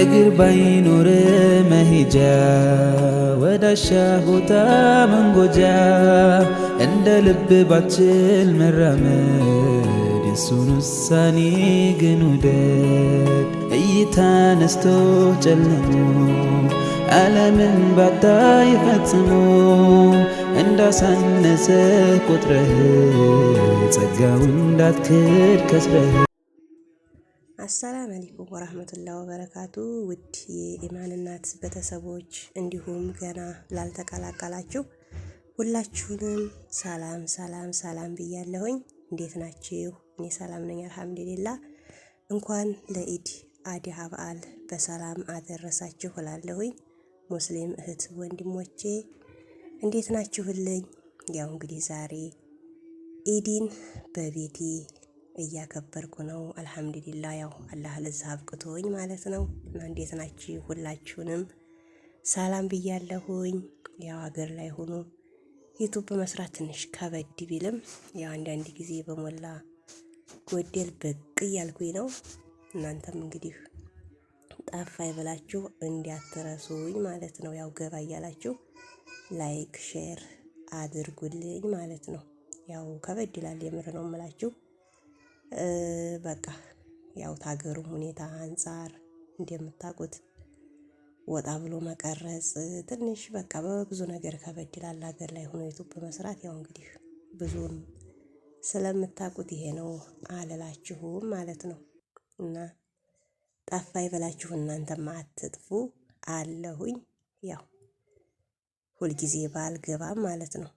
እግር ባይኖር መሄጃ ወዳሻ ቦታ መንጎጃ እንደ ልብ ባችል መራመድ የሱን ውሳኔ ግን ውደድ እይታ ነስቶ ጨልሞ ዓለምን ባታ ይፈጽሞ እንዳሳነሰ ቁጥረህ ጸጋው እንዳትክድ ከስረህ አሰላም አለይኩም ወራህመቱላሂ ወበረካቱ ውድ የኢማን እናት ቤተሰቦች እንዲሁም ገና ላልተቀላቀላችሁ ሁላችሁንም ሰላም ሰላም ሰላም ብያለሁኝ። እንዴት ናችሁ? እኔ ሰላም ነኝ አልሐምዱሊላ። እንኳን ለኢድ አድሃ በዓል በሰላም አደረሳችሁ እላለሁኝ። ሙስሊም እህት ወንድሞቼ እንዴት ናችሁልኝ? ያው እንግዲህ ዛሬ ኢዲን በቤቴ እያከበርኩ ነው። አልሐምዱሊላ ያው አላህ ለዛ አብቅቶኝ ማለት ነው። እና እንዴት ናችሁ? ሁላችሁንም ሰላም ብያለሁኝ። ያው ሀገር ላይ ሆኖ ዩቱብ መስራት ትንሽ ከበድ ቢልም ያው አንዳንድ ጊዜ በሞላ ጎደል ብቅ እያልኩኝ ነው። እናንተም እንግዲህ ጠፋይ ብላችሁ እንዲያትረሱኝ ማለት ነው። ያው ገባ እያላችሁ ላይክ ሼር አድርጉልኝ ማለት ነው። ያው ከበድ ይላል የምር ነው የምላችሁ። በቃ ያው ታገሩ ሁኔታ አንፃር እንደምታውቁት ወጣ ብሎ መቀረጽ ትንሽ በቃ በብዙ ነገር ከበድ ይላል። ሀገር ላይ ሆኖ ዩቱብ መስራት ያው እንግዲህ ብዙም ስለምታውቁት ይሄ ነው አልላችሁም ማለት ነው። እና ጠፋ ይበላችሁ እናንተ አትጥፉ አለሁኝ። ያው ሁልጊዜ ባልገባም ማለት ነው።